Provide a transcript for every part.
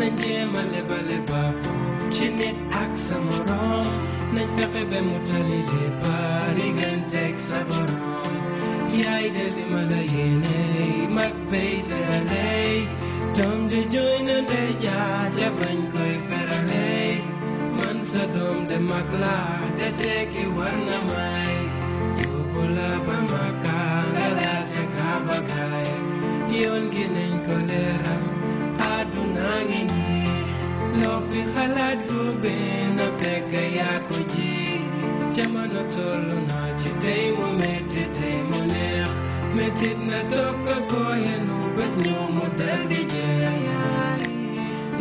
nañ jéem a lebale ci nit ak sa morom nañ fexe ba mu tali lee baa digganteeg sa morom yaay de li ma la yéene mag bay terale doom jooy na ndey jaa bañ koy ferale man sa doom de mag laa te tekki war na may yóbbu la ba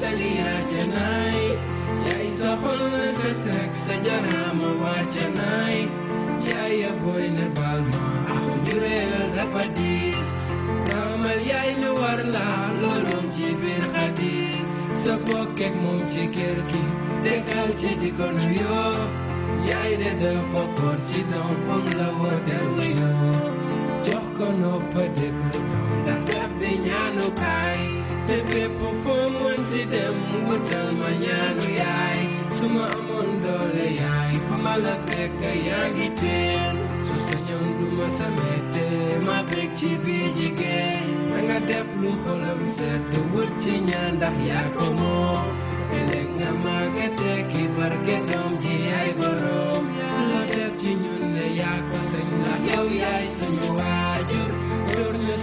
تليها جناي يا سخن سترك سجرة مواجناي يا يا بوي نبال ما أخو جريل دفديس رامل يا اللي ورلا لولو جبير خديس سبوكك موم تكركي دكال تدي كونو yaay de dafa for ci doom foog la woo dellu yoo jox ko noppa déglu doom ndax gab di ñaanu kaay te fépp foo mu si dem wutal ma ñaanu yaay su ma amoon doole yaay fu ma la fekk yaa ngi teen soo sañoon du ma sa ma bég ci bii jigéen na def lu xolam sedd wut ci ñaan ndax yaa ko moom ëllëg nga màgge tekki barke doom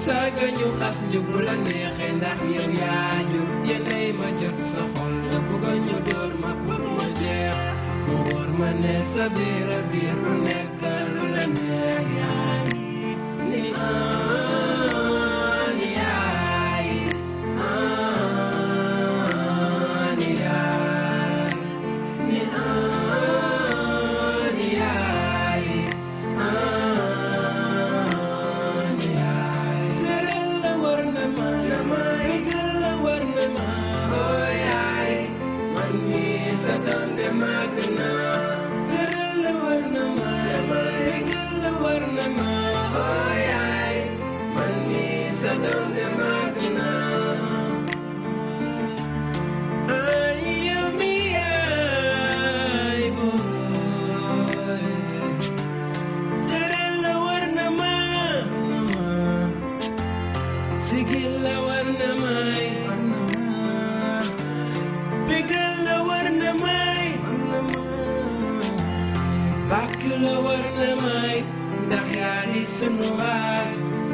saaga ñu xas ñu bu la neexee ndax yow yaa ñu yéenay ma la bëgg ñu ma pour ma jeex mu ma ne sa biir a biir nekk lu la neex yaa ngi ni Back to the world, my Nakari Sunwar.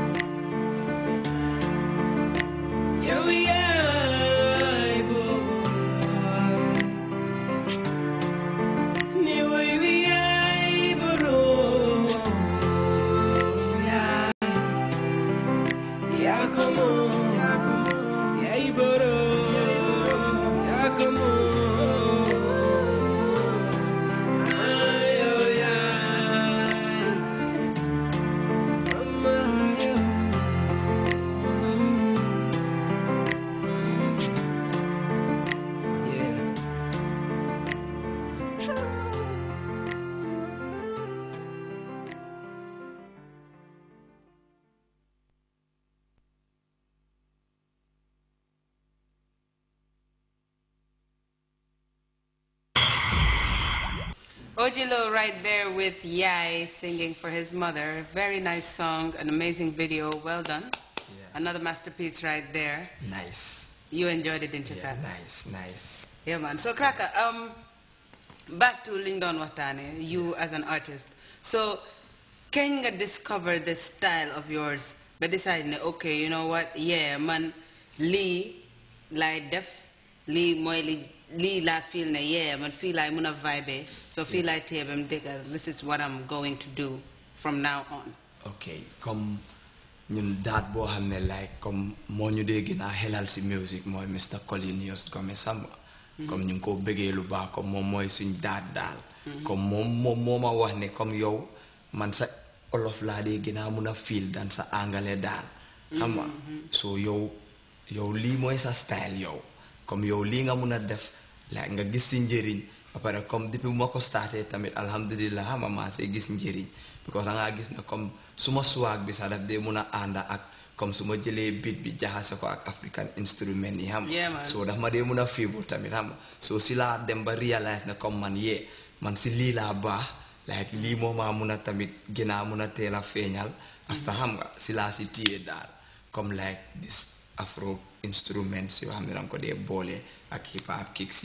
Ojilo right there with Yai singing for his mother. Very nice song, an amazing video. Well done. Yeah. Another masterpiece right there. Nice. You enjoyed it, didn't you, yeah, Nice, nice. Yeah, man. So, Cracker, um, back to Lindon Watane, you yeah. as an artist. So, Kenya discovered this style of yours, but decided, okay, you know what? Yeah, man, Lee, like def, Lee, Moy, Lee, Lee, la feel, yeah, man, feel like I'm gonna vibe so feel laay téye ba mu déggal this is what I'm going to do from now on. ok come. ñun daat boo xam ne like comme moo ñu dee gën a xelal si music mooy Mr Collin Yost Gomez Samba. Mm-hmm. comme ñu ngi ko bëggee lu baax comme moom mooy suñ daat daal. Mm-hmm. comme moom moom moo ma wax ne comme yow man sa olof laa dee gën a mun a fiil dan sa angale daal. xam nga mm-hmm. so yow yow lii mooy sa style yow comme yow lii nga mun a def like nga gis si njëriñ. apa pare kom di bu ma ko ya, tamit alhamdulillah ma maasee eh, gis njëriñ because da ngaa gis na kom suma swag bi sax daf ak kom suma jele bit bi jahasa ko ak african instrument yi xam so daf ma dee mun a tamit ham, so sila laa dem ba kom ne comme man yee man si lii laa baax like lii moo maa mun tamit ginnaa muna tela teel asta mm. ham nga si si like this afro instruments yoo ham ne danga ko dee boole ak hip hop kicks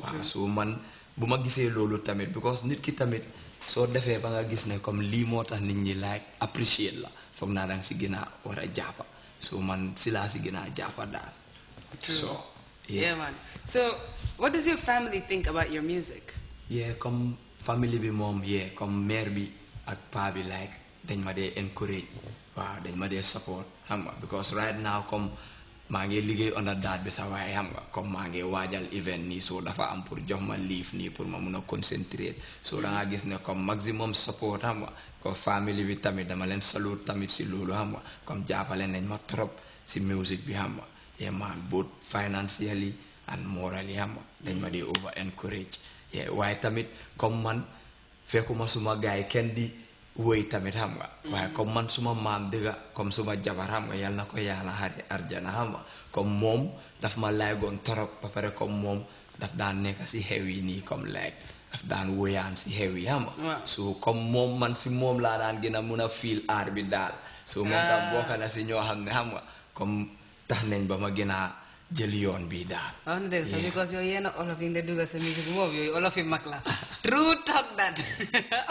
waaw su man bu ma gisee loolu tamit because nit ki tamit soo defee ba nga gis ne comme lii moo tax nit ñi like apprécier la foog naa danga si gën a war a jàppa so man si laa si gën a jàppa daal so yeah man so what does your family comme family bi moom yeah comme maire bi ak paa bi like dañ ma dee encourage waaw dañ ma dee support xam nga because right now comme maa ngi liggéey onda daat bi sa waaye xam nga comme maa ngi waajal event nii soo dafa am pour jox ma liif nii pour ma mun a concentrer soo da nga gis ne comme maximum support xam nga ko family bi tamit dama leen salut tamit si loolu xam nga comme jàppale nañ ma trop si music bi xam nga yeah man both financially and morally xam nga dañ ma di over encourage waaye tamit comme man fekkuma suma gaay kenn di wëy tamit xam nga waaye comme man suma maam dëgga comme suma jabar xam nga yal na ko yàlla xari arjana xam nga comme moom daf ma laygoon torop ba pare comme moom daf daan nekk si xew yi nii comme like daf daan woyaan si xew yi xam nga so comme moom man si moom laa daan gën a mun a fiil aar bi daal so moom tam ah. bokk si ñoo xam ne xam nga comme tax nañ ba ma gën a jël bida. bii daal. waaw na dëgg sax because yow yéen a olof yi nga dugal sa musique moom yooyu olof yi mag true talk that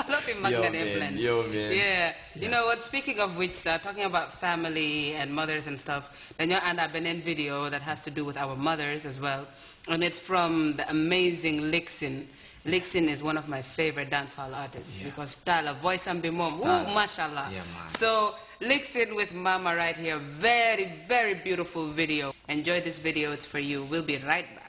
olof yi mag nga blend. yow man yeah you know what speaking of which talking about family and mothers and stuff you ànd I been in video that has to do with our mothers as well and it's from the amazing Lixin. Lixin is one of my favorite dancehall artists yeah. because style of voice and be mom, ooh, mashallah. Yeah, so Lixin with Mama right here, very, very beautiful video. Enjoy this video, it's for you. We'll be right back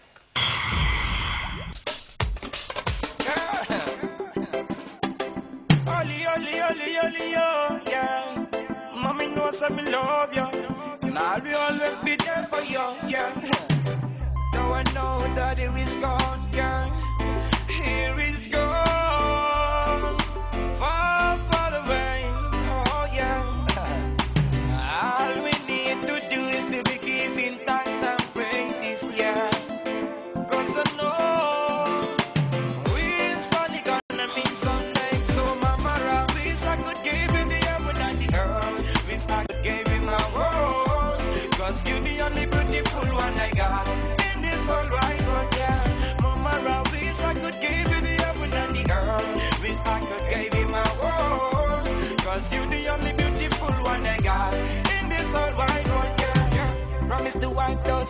hearing's gone.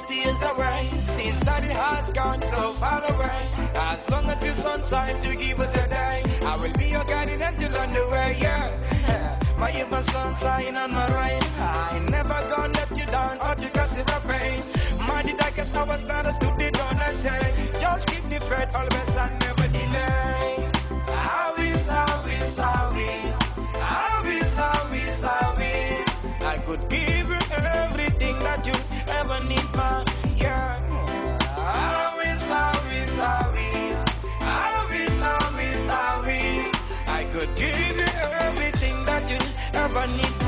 the away since daddy that it has gone so far away. As long as it's on time to give us a day, I will be your guiding angel on the way, yeah. My ever sunshine on my rain. I ain't never gonna let you down or to cause it a pain. My the darkest hours that I stood it on and say, just keep me fed, always and never delay. How is, how is, how is. never need